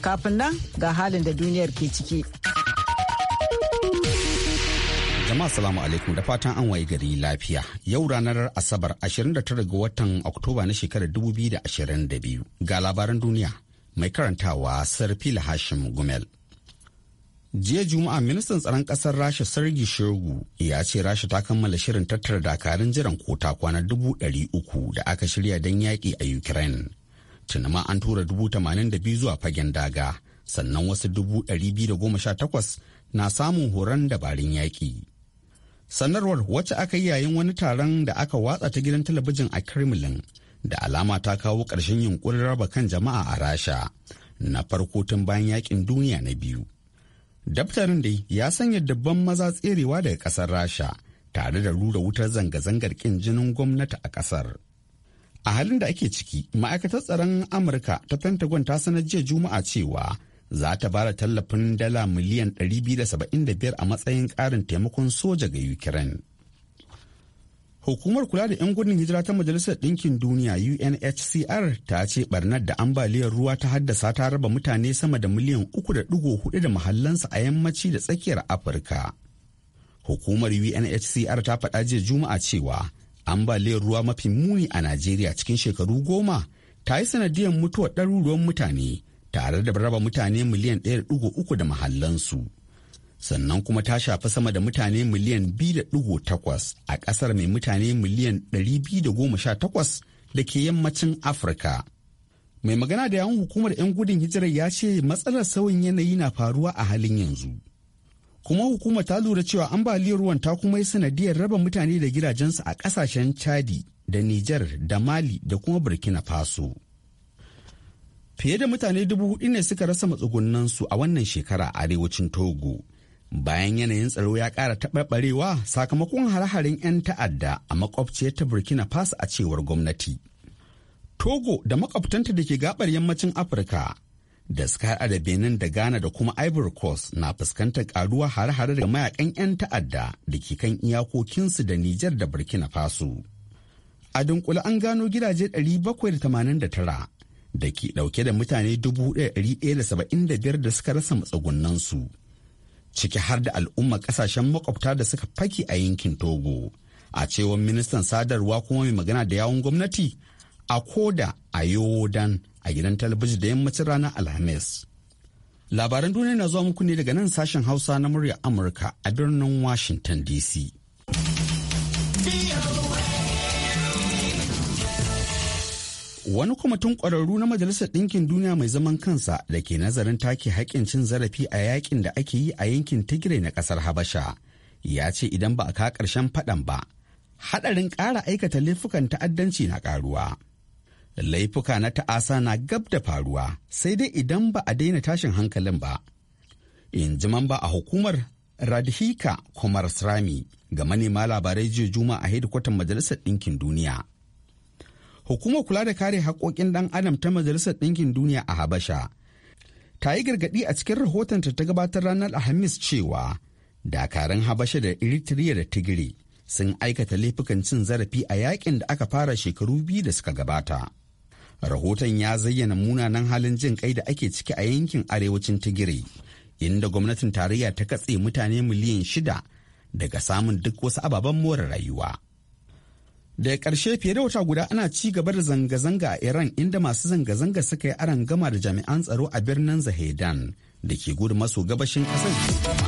Kafin nan ga halin da duniyar ke ciki. Jama'a salamu alaikum da fatan an waye gari lafiya. Yau ranar Asabar 29 ga watan Oktoba na shekarar 2022 ga labaran duniya mai karantawa sir phil Hashim Gumel. jiya juma'a ministan tsaron kasar rasha sergi shogu ya ce rasha ta kammala shirin tattara dakarun jiran kota kwana dubu ɗari uku da aka shirya don yaƙi a ukraine tunama an tura dubu tamanin da biyu zuwa fagen daga sannan wasu dubu ɗari biyu da goma sha takwas na samun horon dabarun yaƙi. Sanarwar wacce aka yi yayin wani taron da aka watsa ta gidan talabijin a Kremlin da alama ta kawo ƙarshen yunkurin raba kan jama'a a Rasha na farko tun bayan yakin duniya na biyu. Daftarin dai ya sanya dabban maza tserewa daga ƙasar Rasha tare da rura wutar zanga-zangar ƙin jinin gwamnati a ƙasar. a halin da ake ciki ma'aikatar tsaron amurka ta pentagon ta sanar jiya juma'a cewa za ta bada tallafin dala miliyan 275 a matsayin ƙarin taimakon soja ga ukraine hukumar kula da 'yan gudun hijira ta majalisar ɗinkin duniya unhcr ta ce barnar da ambaliyar ruwa ta haddasa ta raba mutane sama da miliyan 3.4 da mahallansa a yammaci da tsakiyar afirka hukumar unhcr ta faɗa jiya juma'a cewa ambaliyar ruwa mafi muni a najeriya cikin shekaru goma ta yi sanadiyar mutuwar ɗaruruwan mutane tare da raba mutane miliyan 1.3 da mahallansu sannan kuma ta shafi sama da mutane miliyan biyu da 2.8 a ƙasar mai mutane miliyan 218 da ke yammacin afirka mai magana da yawun hukumar 'yan gudun hijirar ya ce matsalar sauyin yanayi na faruwa a halin yanzu kuma hukumar ta lura cewa ambaliyar ruwan ta kuma yi sanadiyar raba mutane da gidajensu a kasashen chadi da niger da mali da kuma burkina faso fiye da mutane dubu hudu ne suka rasa matsugunansu a wannan shekara a arewacin togo bayan yanayin tsaro ya ƙara taɓarɓarewa sakamakon hare-haren 'yan ta'adda a makwabciyar ta burkina faso a cewar gwamnati togo da makwabtanta da ke gabar yammacin afirka da Sky da Benin da Ghana da kuma Ivory Coast na fuskantar karuwa hare-hare daga mayakan 'yan ta'adda da ke kan iyakokinsu da Nijar da Burkina Faso. A dunkule an gano gidaje 789 da ke dauke da mutane 1,175 da suka rasa matsagunansu. ciki har da al'umma kasashen makwabta da suka faki a yankin Togo. A cewar ministan sadarwa kuma mai magana da yawon gwamnati, a koda a yodan a gidan talabijin da yammacin ranar alhamis labaran duniya na zuwa muku ne daga nan sashen hausa na murya amurka a birnin washington dc wani kwamitin ƙwararru na majalisar ɗinkin duniya mai zaman kansa da ke nazarin take haƙƙin cin zarafi a yakin da ake yi a yankin tigray na ƙasar habasha ya ce idan ba a ka ƙarshen faɗan ba haɗarin ƙara aikata laifukan ta'addanci na ƙaruwa laifuka na ta'asa na gab da faruwa sai dai idan ba a daina tashin hankalin ba in ji mamba a hukumar radhika kumar srami ga manema labarai jiya juma a hedikwatan majalisar ɗinkin duniya hukumar kula da kare haƙoƙin ɗan adam ta majalisar ɗinkin duniya a habasha ta yi gargaɗi a cikin rahotonta ta gabatar ranar alhamis cewa dakarun habasha da eritrea da tigiri sun aikata laifukan cin zarafi a yakin da aka fara shekaru biyu da suka gabata rahoton ya zayyana munanan halin jin kai da ake ciki a yankin arewacin tigiri inda gwamnatin tarayya ta katse mutane miliyan shida daga samun duk wasu ababen more rayuwa da ƙarshe fiye da wata guda ana ci gaba da zanga-zanga a iran inda masu zanga-zanga suka yi aron gama da jami'an tsaro a birnin zahedan da ke gudu maso gabashin ƙasar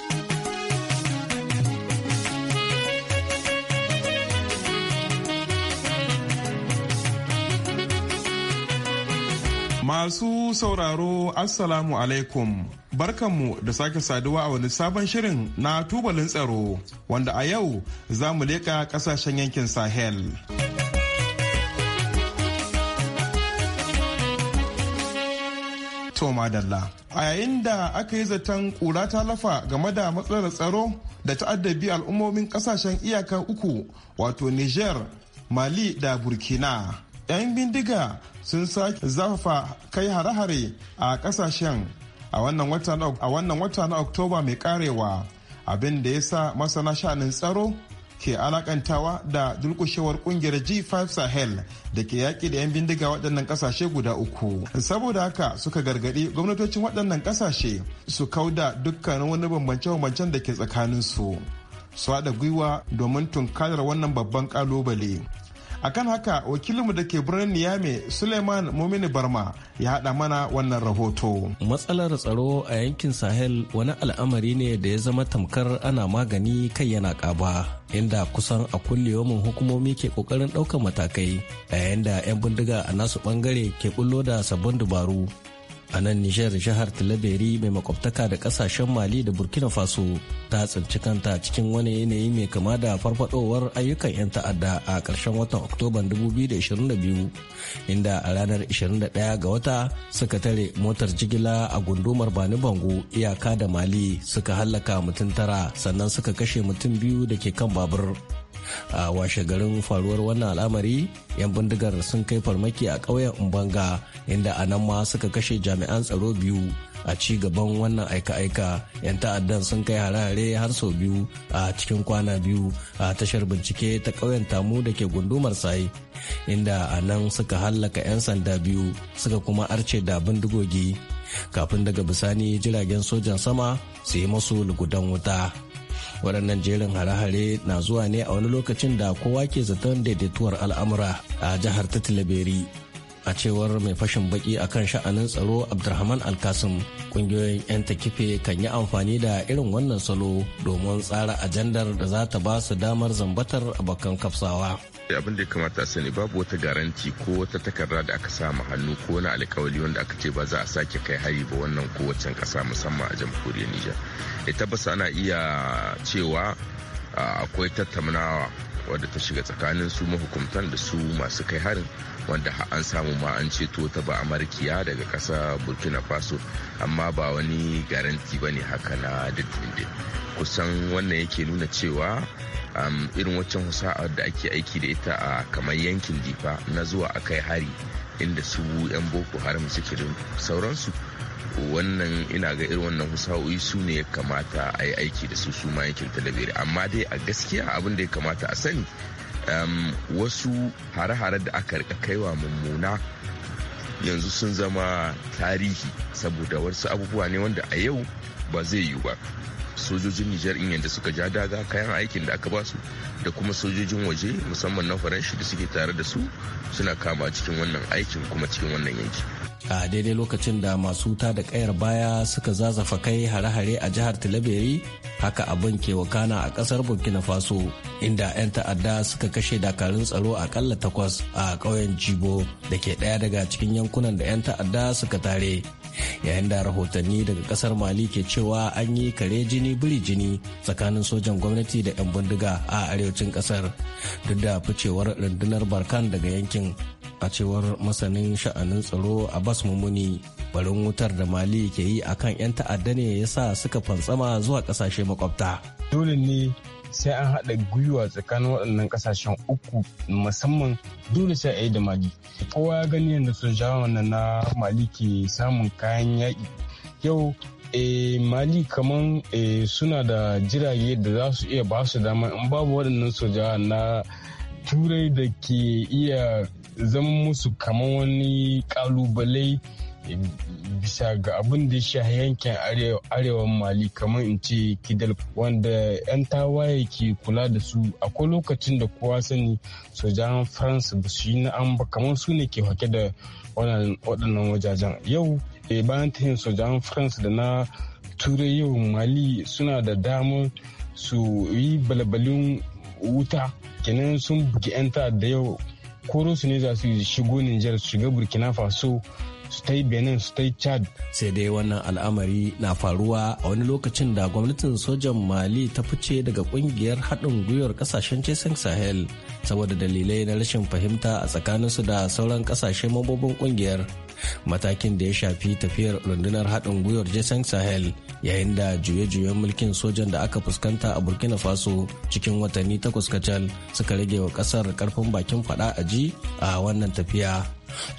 Masu sauraro Assalamu alaikum. Barkanmu da sake saduwa a wani sabon shirin na tubalin tsaro wanda a yau za mu leƙa ƙasashen yankin Sahel. A yayin da aka yi zaton ƙura ta lafa game da matsalar tsaro da ta'addabi al'ummomin ƙasashen iyaka uku wato Niger, Mali da Burkina. 'yan bindiga sun sake zafafa kai hare-hare a kasashen a wannan wata na oktoba mai karewa abin da ya sa masana sha'anin tsaro ke alakantawa da dulkushewar kungiyar g5 sahel da ke yaƙi da 'yan bindiga waɗannan ƙasashe guda uku saboda haka suka gargaɗi gwamnatocin waɗannan ƙasashe su kauda dukkanin wani bambance-bambancen da ke tsakaninsu su haɗa gwiwa domin tunkarar wannan babban ƙalubale akan haka wakilinmu da ke birnin niyame suleiman mumini barma ya haɗa mana wannan rahoto matsalar tsaro a yankin sahel wani al'amari ne da ya zama tamkar ana magani kai yana ƙaba inda kusan a mun hukumomi ke ƙoƙarin ɗaukar matakai yayin da 'yan bindiga a nasu ɓangare ke bullo da sabbin dabaru. a nan nijar jihar tilaberi mai makwabtaka da kasashen mali da burkina faso ta tsinci kanta cikin wani yanayi mai kama da farfadowar ayyukan 'yan ta'adda a ƙarshen watan oktoban 2022 inda a ranar 21 ga wata suka tare motar jigila a gundumar bani bango iyaka da mali suka hallaka mutum tara sannan suka kashe mutum biyu da ke kan babur a washe garin faruwar wannan al'amari yan bindigar sun kai farmaki a ƙauyen umbanga inda a nan ma suka kashe jami'an tsaro biyu a ci gaban wannan aika-aika 'yan ta'addan sun kai harare hare har sau biyu a cikin kwana biyu a tashar bincike ta ƙauyen tamu da ke gundumar sai inda a nan suka hallaka 'yan sanda biyu suka kuma arce da bindigogi kafin daga bisani jiragen sojan sama su yi masu lugudan wuta. waɗannan jerin hare-hare na zuwa ne a wani lokacin da kowa ke zaton daidaituwar al'amura a jihar ta tilaberi a cewar mai fashin baki a kan sha'anin tsaro abdulrahman alkasim kungiyoyin 'yan takife kan yi amfani da irin wannan salo domin tsara ajandar da za ta ba su damar zambatar abokan kafsawa abin da ya kamata sani babu wata garanti ko wata takarda da aka samu hannu ko wani alkawali wanda aka ce ba za a sake kai hari ba wannan kowace kasa musamman a jamhuriyar nijar ita eh, tabbas ana iya cewa ah, akwai tattaunawa wadda ta shiga tsakanin su mahukuntan da su masu kai harin wanda an samu ma an ceto ta ba amarkiya daga kasa burkina faso amma ba wani garanti ba ne haka na dindindin kusan wannan yake nuna cewa um, irin waccan husa'ar da ake aiki da ita a kamar yankin difa na zuwa akai hari inda su 'yan boko haram suke da sauransu wannan ina ga irin wannan husa'o'i su ne ya kamata a yi aiki da su su ma yankin talabiri amma dai a gaskiya abin da ya kamata a sani wasu hare-hare da aka rika kaiwa mummuna yanzu sun zama tarihi saboda wasu abubuwa ne wanda a yau ba zai yiwu ba sojojin nijar in yadda suka ja daga kayan aikin da aka ba su da kuma sojojin waje musamman na faranshi da suke tare da su suna kama cikin wannan aikin kuma cikin wannan yanki a daidai lokacin da masu ta da kayar baya suka zazafa kai hare-hare a jihar tilabiri haka abin ke wakana a kasar burkina faso inda 'yan ta'adda suka kashe dakarun tsaro akalla takwas a ƙauyen jibo da ke ɗaya daga cikin yankunan da 'yan ta'adda suka tare yayin da rahotanni daga kasar mali ke cewa an yi kare jini biri jini tsakanin sojan gwamnati da 'yan bindiga a arewacin kasar duk da ficewar rundunar barkan daga yankin a cewar masanin sha'anin tsaro a bas mummuni barin wutar da mali ke yi a kan 'yan ta'adda ne ya sa suka fantsama zuwa kasashe makwabta dole ne sai an haɗa gwiwa tsakanin waɗannan kasashen uku musamman dole sai a yi da mali kowa ya gani yadda sojawan wannan na mali ke samun kayan yaƙi yau eh, mali kaman eh, suna da jirage da za su iya ba su dama in babu waɗannan sojawa na turai da ke iya zama musu kamar wani kalubale eh, bisa ga abin da shi yankin arewa mali kamar in ce kidal wanda 'yan tawaye ke kula da su akwai lokacin da kowa sani sojan faransa ba su yi an ba kamar su ne ke hake da waɗannan wajajen yau eh, bayan ta yin sojan faransa da na turai yau mali suna da damar su yi balabalin wuta kenan sun bugi 'yan da yau koro su ne za su shigo Nijar su shiga Burkina Faso su ta yi Benin su ta Chad. Sai dai wannan al'amari na faruwa a wani lokacin da gwamnatin sojan Mali ta fice daga kungiyar haɗin gwiwar ƙasashen Jason Sahel saboda dalilai na rashin fahimta a tsakaninsu da sauran ƙasashe mambobin kungiyar. matakin da ya shafi tafiyar rundunar haɗin gwiwar jason sahel yayin da juye-juyen mulkin sojan da aka fuskanta a burkina faso cikin watanni takwas kacal suka rage wa ƙasar karfin bakin faɗa a ji a wannan tafiya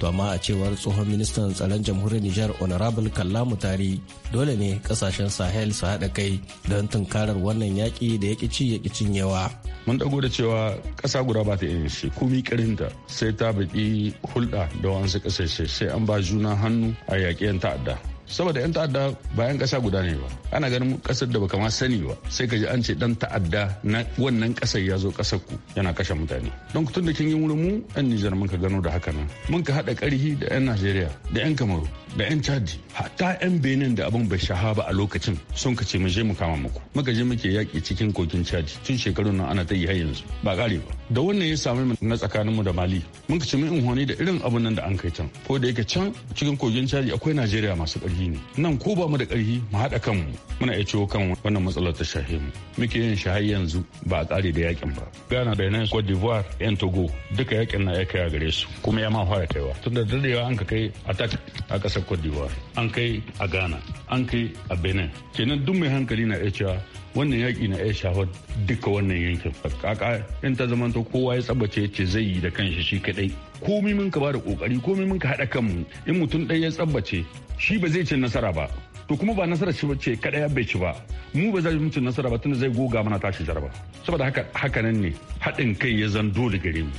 to amma a cewar tsohon ministan tsaron jamhuriyar nijar honorable kallamu tari dole ne kasashen sahel su haɗa kai don tunkarar wannan yaƙi da yaƙi ci yaƙi cinyewa mun dago da cewa ƙasa guda ba ta yin shi komi karinta sai ta baƙi hulɗa da wasu ƙasashe sai an ba juna hannu a yaƙiyan ta'adda saboda yan ta'adda bayan kasa guda ne ba ana ganin kasar da baka ma sani ba sai ka ji an ce dan ta'adda na wannan kasar ya zo kasar ku yana kashe mutane don tun da kin yi wurin mu yan Nijar mun ka gano da haka nan mun ka haɗa karhi da yan Najeriya da yan Kamaru da yan Chadi hatta yan Benin da abin bai shaha ba a lokacin sun ka ce mu je mu kama muku muka je muke yaƙi cikin kogin Chadi tun shekarun nan ana ta yi har yanzu ba kare ba da wannan ya samu na tsakanin mu da Mali mun ka ce mun in da irin abun nan da an kai can ko da yake can cikin kogin Chadi akwai Najeriya masu ƙarfi ƙarfi ne nan ko ba mu da ƙarfi mu haɗa kanmu muna iya ciwo kan wannan matsalar ta shahe mu muke yin shi har yanzu ba a ƙare da yakin ba Ghana da yanayin Cote d'Ivoire yan Togo duka yakin na ya kai gare su kuma ya ma fara kaiwa tun da darewa an ka kai attack a kasar Cote d'Ivoire an kai a Ghana an kai a Benin kenan duk mai hankali na iya cewa wannan yaƙi na ya shafar duka wannan yankin kaka in ta zamanto kowa ya tsabace ce zai yi da kanshi shi kaɗai komi mun ka bada kokari komi mun ka haɗa kanmu in mutum ɗaya ya tsabace shi ba zai ci nasara ba to kuma ba nasara ci ce kadai bai ci ba mu ba zai mutu nasara ba tunda zai goga mana tashi jaraba saboda haka haka nan ne haɗin kai ya zan dole gare mu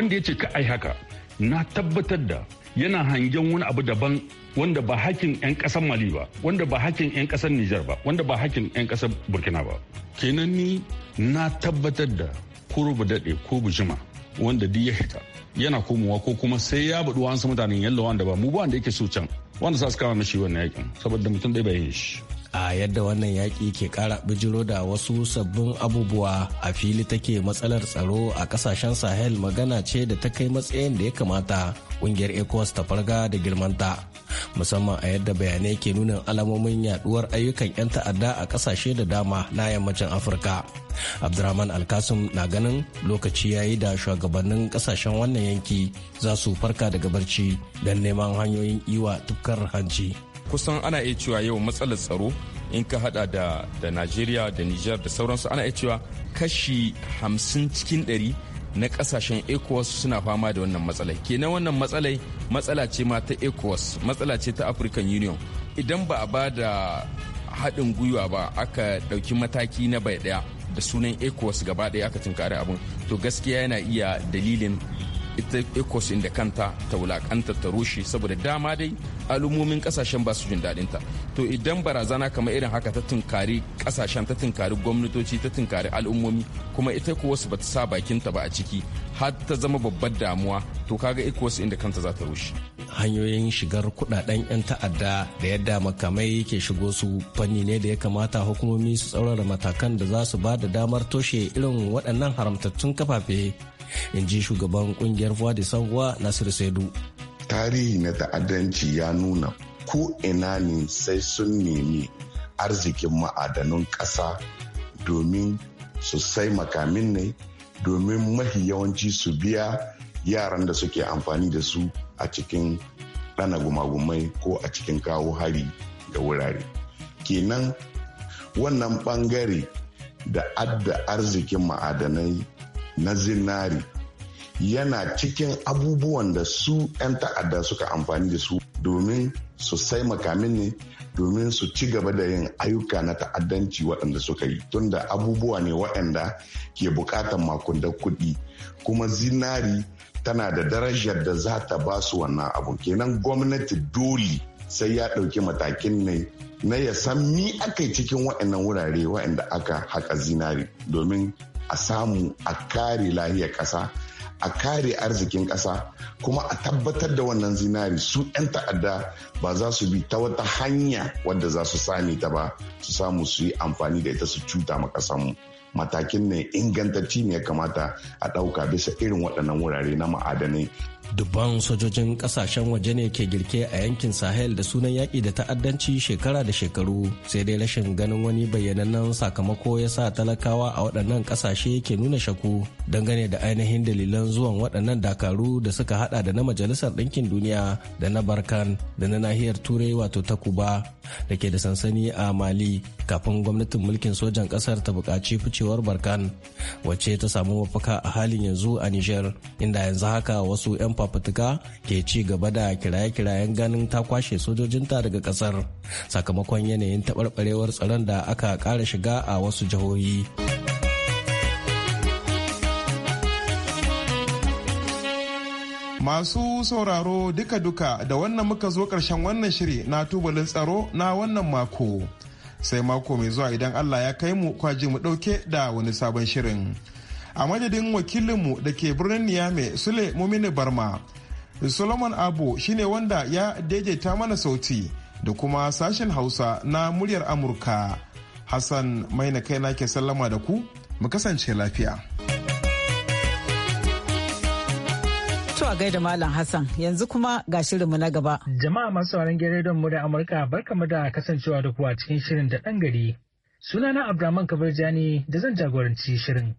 wanda ya ce ka ai haka na tabbatar da yana hangen wani abu daban wanda ba hakin 'yan ƙasar mali ba wanda ba hakin 'yan ƙasar nijar ba wanda ba hakin 'yan ƙasar burkina ba kenan ni na tabbatar da ko ba daɗe ko bu jima wanda duk ya hita yana komowa ko kuma sai ya buɗu wasu mutanen yalla wanda ba mu ba wanda yake so can wanda sa su kama mishi wannan yakin saboda mutum ɗaya bai yin shi a yadda wannan yaƙi ke ƙara bijiro da wasu sabbin abubuwa a fili take matsalar tsaro a ƙasashen sahel magana ce da ta kai matsayin da ya kamata kungiyar ecowas ta farga da girmanta musamman a yadda bayanai ke nuna alamomin yaduwar ayyukan 'yan ta'adda a kasashe da dama na yammacin afirka abdurrahman alkasum na ganin lokaci ya yi da shugabannin kasashen wannan yanki za su farka daga barci don neman hanyoyin iwa tukar hanci kusan ana iya cewa yau matsalar tsaro in ka hada da da najeriya da niger da sauransu ana iya cewa kashi hamsin cikin ɗari na kasashen ecowas suna fama da wannan matsalai kenan wannan matsalai matsala ce ma ta ecowas matsala ce ta african union idan ba a ba da haɗin gwiwa ba aka ɗauki mataki na bai ɗaya da sunan ecowas gaba ɗaya aka tunkari abin to gaskiya yana iya dalilin ita ecos da kanta ta wulakanta ta rushe saboda dama dai al'ummomin kasashen ba su jin daɗin to idan barazana kamar irin haka ta tunkari kasashen ta tunkari gwamnatoci ta tunkari al'ummomi kuma ita ecos ba ta sa bakinta ba a ciki har ta zama babbar damuwa to kaga ecos da kanta za ta rushe hanyoyin shigar kudaden 'yan ta'adda da yadda makamai ke shigo su fanni ne da ya kamata hukumomi su tsaurara matakan da za su ba da damar toshe irin waɗannan haramtattun kafafe in ji shugaban kungiyar voix de sangwa nasiru saidu tarihi na ta'addanci ya nuna ko ina ne sai sun nemi arzikin ma'adanan ƙasa domin su sai makamin ne domin mahi yawanci su biya yaran da suke amfani da su a cikin ɗana gumagumai ko a cikin kawo hari da wurare kenan wannan ɓangare da adda arzikin ma'adanai na zinari yana cikin abubuwan da su 'yan ta'adda suka amfani da su domin su sai makamin ne domin su ci gaba da yin ayyuka na ta'addanci waɗanda suka yi tunda abubuwa ne waɗanda ke buƙatar makundan kuɗi kuma zinari tana da darajar da za ta ba su wannan abu kenan gwamnati dole sai ya ɗauki matakin ne na ya san mi aka yi cikin waɗannan wurare waɗanda aka haƙa zinari domin a samu a kare lahiyar ƙasa a kare arzikin ƙasa kuma a tabbatar da wannan zinari su 'yan ta'adda ba za su bi ta wata hanya wadda za su sami ta ba su samu su yi amfani da ita su cuta ma ƙasanmu matakin ne ingantacci ne ya kamata a ɗauka bisa irin waɗannan wurare na ma'adanai dubban sojojin kasashen waje ne ke girke a yankin sahel da sunan yaƙi da ta'addanci shekara da shekaru sai dai rashin ganin wani bayyanannen sakamako ya sa talakawa a waɗannan ƙasashe ke nuna shaku dangane da ainihin dalilan zuwan waɗannan dakaru da suka haɗa da na majalisar ɗinkin duniya da na barkan da na nahiyar turai wato ta kuba da ke da sansani a mali kafin gwamnatin mulkin sojan ƙasar ta buƙaci ficewar barkan wacce ta samu mafaka a halin yanzu a niger inda yanzu haka wasu 'yan fafutuka ke ci gaba da kiraye-kirayen ganin ta kwashe sojojinta daga kasar sakamakon yanayin taɓarɓarewar tsaron da aka ƙara shiga a wasu jihohi. Masu sauraro duka-duka da wannan muka zo ƙarshen wannan shiri na tubalin tsaro na wannan mako. Sai mako mai zuwa idan Allah ya kai mu kwaji mu ɗauke da wani sabon shirin. a madadin wakilinmu da ke birnin niyame sule mumini barma solomon abu shine wanda ya daidaita mana sauti da kuma sashen hausa na muryar amurka hassan mai na kai ke sallama da ku mu kasance lafiya a gaida Malam Hassan yanzu kuma ga shirinmu na gaba. Jama'a masu sauran gere mu da Amurka mu da kasancewa da kuwa cikin shirin da ɗan gari. Sunana Abdulrahman Kabirjani da zan jagoranci shirin.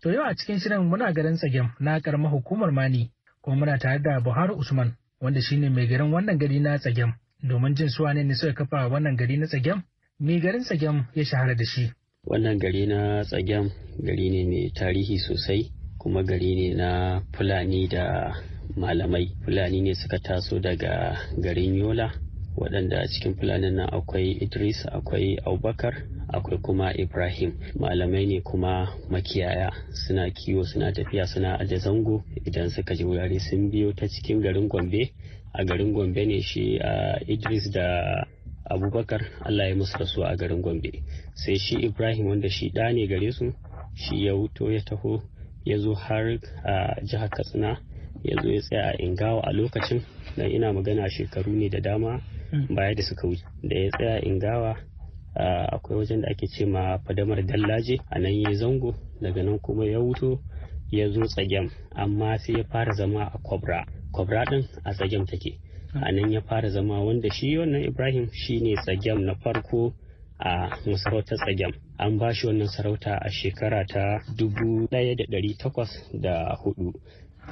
To yau a cikin shirin muna garin tsagem na karamar hukumar Mani kuma muna tare da Buhari Usman wanda shine mai garin wannan gari na tsagem domin jin suwa ne suka kafa wannan gari na tsagem mai garin tsagem ya shahara da shi. Wannan gari na tsagem gari ne mai tarihi sosai kuma gari ne na Fulani da malamai Fulani ne suka taso daga garin Yola waɗanda a cikin fulanin nan akwai idris akwai abubakar akwai kuma ibrahim malamai ne kuma makiyaya suna kiwo suna tafiya suna aje zango idan suka ji wurare sun biyo ta cikin garin gombe a garin gombe ne shi a idris da abubakar allah ya musu rasuwa a garin gombe sai shi ibrahim wanda shi ɗa ne gare su shi ya wuto ya taho ya zo har a jihar katsina ya zo ya tsaya a ingawa a lokacin don ina magana shekaru ne da dama Mm. baya da suka wuce da ya tsaya ingawa akwai wajen da ake ce ma fadamar dallaje a nan ya zango daga nan kuma ya wuto ya zo tsagen amma sai ya fara zama a kwabra kwabra din a tsagem take mm. a nan ya fara zama wanda shi wannan ibrahim shi ne tsagen na farko a masarautar tsagen an ba shi wannan sarauta a shekara ta 1804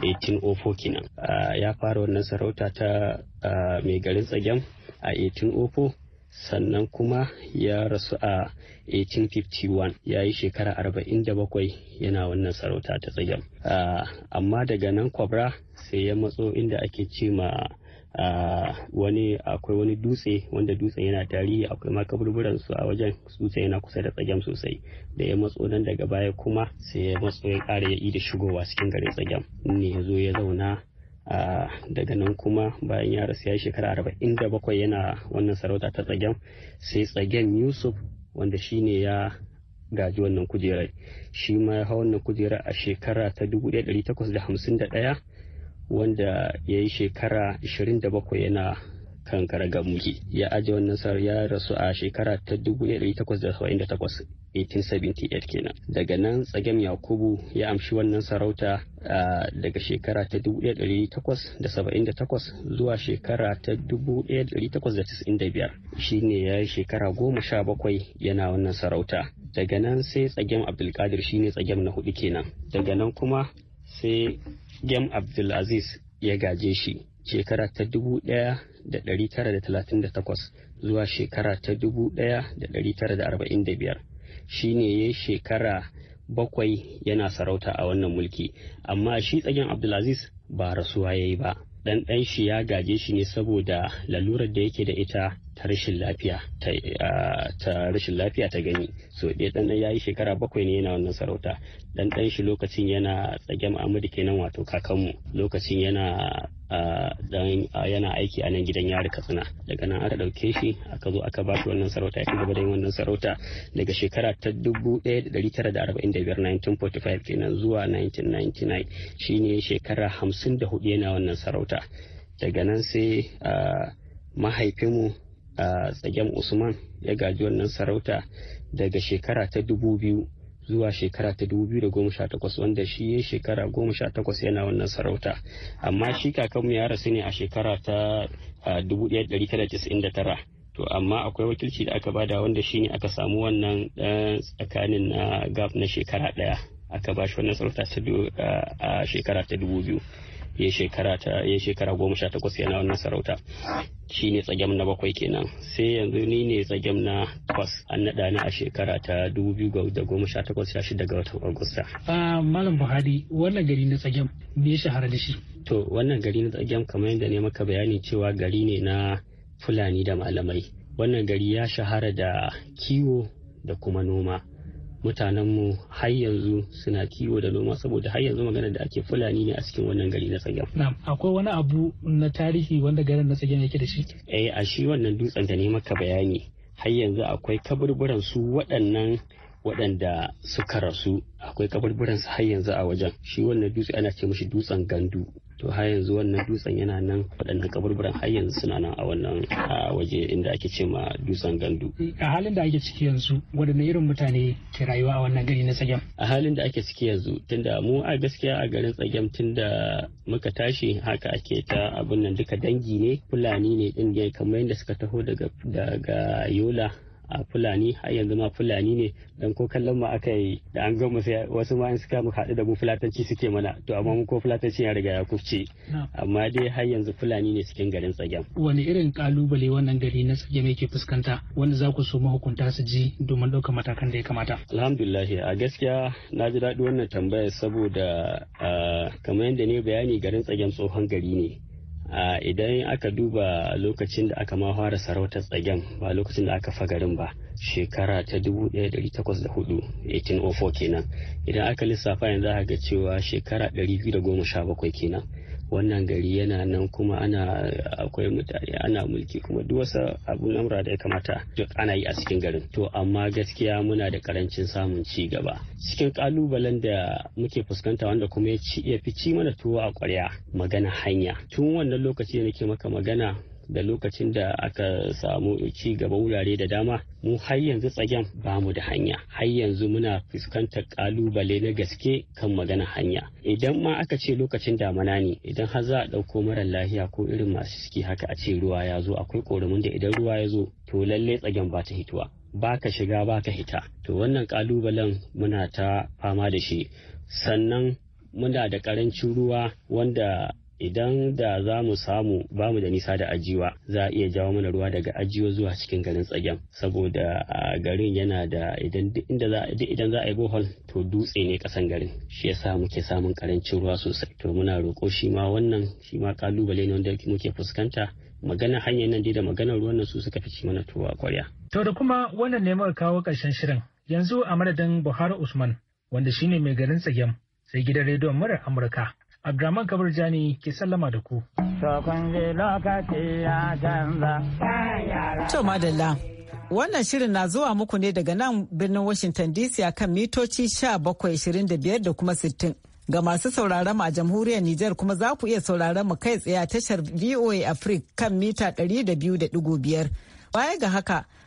1804 kenan ah, ya fara wannan sarauta ta ah, mai garin tsagen a 1804 sannan kuma ya rasu a 1851 ya yi shekara 47 yana wannan sarauta ta tsagen ah, amma daga nan kwabra sai ya matso inda ake ce ma wani akwai wani dutse wanda dutsen yana tarihi akwai ma kaburburan su a wajen dutse yana kusa da tsagem sosai da ya matso nan daga baya kuma sai ya matso ya ƙara ya da shigowa cikin garin tsagem ne ya zo ya zauna daga nan kuma bayan ya rasu ya shekara arba'in da bakwai yana wannan sarauta ta tsagen. sai tsagen yusuf wanda shine ya gaji wannan kujerar shi ma ya hau wannan kujerar a shekara ta dubu ɗaya ɗari takwas da da hamsin ɗaya. wanda ya yi shekara 27 yana kan karagar mulki ya aje wannan sar ya rasu a shekara ta 1878 1878 kenan daga nan tsagen yakubu ya amshi wannan sarauta daga shekara ta 1878 zuwa shekara ta 1895 shine ya yi shekara goma sha bakwai yana wannan sarauta daga nan sai tsagen abdulkadir shine tsagen na hudu kenan daga nan kuma sai gem abdulaziz ya gaje shi shekara ta 1938 zuwa shekara ta 1945 shi ne ya shekara bakwai yana sarauta a wannan mulki amma shi tsagen abdulaziz ba rasuwa ya yi ba ɗanɗan shi ya gaje shi ne saboda lalurar da yake da ita ta rashin lafiya ta rashin lafiya ta gani so ɗaya ɗan ya yi shekara bakwai ne yana wannan sarauta dan ɗan shi lokacin yana tsage ma'amudi kenan wato kakanmu lokacin yana yana aiki a nan gidan yari katsina daga nan aka ɗauke shi aka zo aka ba shi wannan sarauta ya gaba da yin wannan sarauta daga shekara ta 1945 1945 kenan zuwa 1999 shine shekara hamsin da 54 yana wannan sarauta daga nan sai mahaifinmu a tsagen usman ya gaji wannan sarauta daga shekara ta dubu biyu zuwa shekara ta dubu biyu da goma sha takwas wanda shi ya shekara goma sha takwas yana wannan sarauta amma shi kakanmu ya rasu ne a shekara ta dubu ɗaya ɗari tara casa'in da tara to amma akwai wakilci da aka bada wanda shi ne aka samu wannan tsakanin na gaf na shekara ɗaya aka ba shi wannan sarauta a shekara ta dubu biyu ya shekara ta ya shekara goma sha takwas yana wannan sarauta shi ne tsagem na bakwai kenan sai yanzu ni ne tsagem na takwas an naɗa ni a shekara ta dubu biyu da goma sha takwas sha shida ga watan agusta. Ah, malam buhari wannan gari na tsagem me ya shahara da shi. to wannan gari na tsagem kamar yadda ne maka bayani cewa gari ne na fulani da malamai wannan gari ya shahara da kiwo da kuma noma. mutanenmu har yanzu suna kiwo da noma saboda har yanzu magana da ake fulani ne a cikin wannan gari na tsagen. akwai wani abu na tarihi wanda garin na tsagen yake da shi? Eh a shi wannan dutsen da ne maka bayani har yanzu akwai kaburburan su waɗannan waɗanda suka rasu akwai kaburburan su har yanzu a wajen shi wannan dutse ana ce mashi dutsen gandu to har yanzu wannan dutsen yana nan waɗannan kaburburan har yanzu suna nan a wannan waje inda ake ce ma dutsen gandu a halin da ake ciki yanzu waɗanne irin mutane ke rayuwa a wannan gari na tsagem a halin da ake ciki yanzu tunda mu a gaskiya a garin tsagem tunda muka tashi haka ake ta abun nan duka dangi ne fulani ne din kamar yadda suka taho daga daga yola a fulani har yanzu ma fulani ne dan ko kallon mu aka yi da an gama sai wasu ma in suka mu haɗu da mu fulatanci suke mana to amma mu ko fulatanci ya riga ya kufce amma dai har yanzu fulani ne cikin garin tsagen wani irin kalubale wannan gari na tsage mai ke fuskanta wanda za ku so mahukunta su ji domin ɗaukar matakan da ya kamata alhamdulillah a gaskiya na ji daɗi wannan tambaya saboda ah, kamar yadda ne bayani garin tsagen tsohon gari ne idan aka duba lokacin da aka ma fara sarautar tsagen ba lokacin da aka fa garin ba shekara ta 1804 1804 kenan idan aka lissafa yanzu aka ga cewa shekara 217 kenan wannan gari yana nan kuma ana akwai mutane ana mulki kuma duk wasu abun amra da ya kamata duk ana yi a cikin garin to amma gaskiya muna da karancin samun ci gaba cikin kalubalen da muke fuskanta wanda kuma ya fi ci mana tuwo a kwarya magana hanya tun wannan lokaci da nake maka magana da lokacin da aka samu ci gaba wurare da dama mu har yanzu tsagen ba mu da hanya har yanzu muna fuskantar kalubale na gaske kan magana hanya idan ma aka ce lokacin damana ne idan har za a ɗauko mara lahiya ko irin masu ciki haka a ce ruwa ya zo akwai ƙoramin da idan ruwa ya zo to lallai tsagen ba ta hituwa ba ka shiga ba ka hita to wannan kalubalen muna ta fama da shi sannan muna da karancin ruwa wanda idan da za mu samu ba mu da nisa da ajiwa za a iya jawo mana ruwa daga ajiwa zuwa cikin garin tsagen saboda garin yana da idan za a yi bohol to dutse ne kasan garin shi yasa muke samun karancin ruwa sosai to muna roƙo shi ma wannan shi ma kalubale ne wanda muke fuskanta magana hanyar nan dai da maganar ruwan nan su suka fi mana tuwa kwarya to da kuma wannan ne muka kawo ƙarshen shirin yanzu a madadin Buhari Usman wanda shine mai garin tsagen sai gidan rediyon murar Amurka Abdraman Kabir Jani ke sallama da ku. To madalla. Wannan shirin na zuwa muku ne daga nan birnin Washington DC a kan mitoci sha 1725 da kuma sittin Ga masu sauraron a jamhuriyar Nijar kuma za ku iya sauraron mu kai tsaye a tashar VOA Africa kan mita 200.5. Baya ga haka,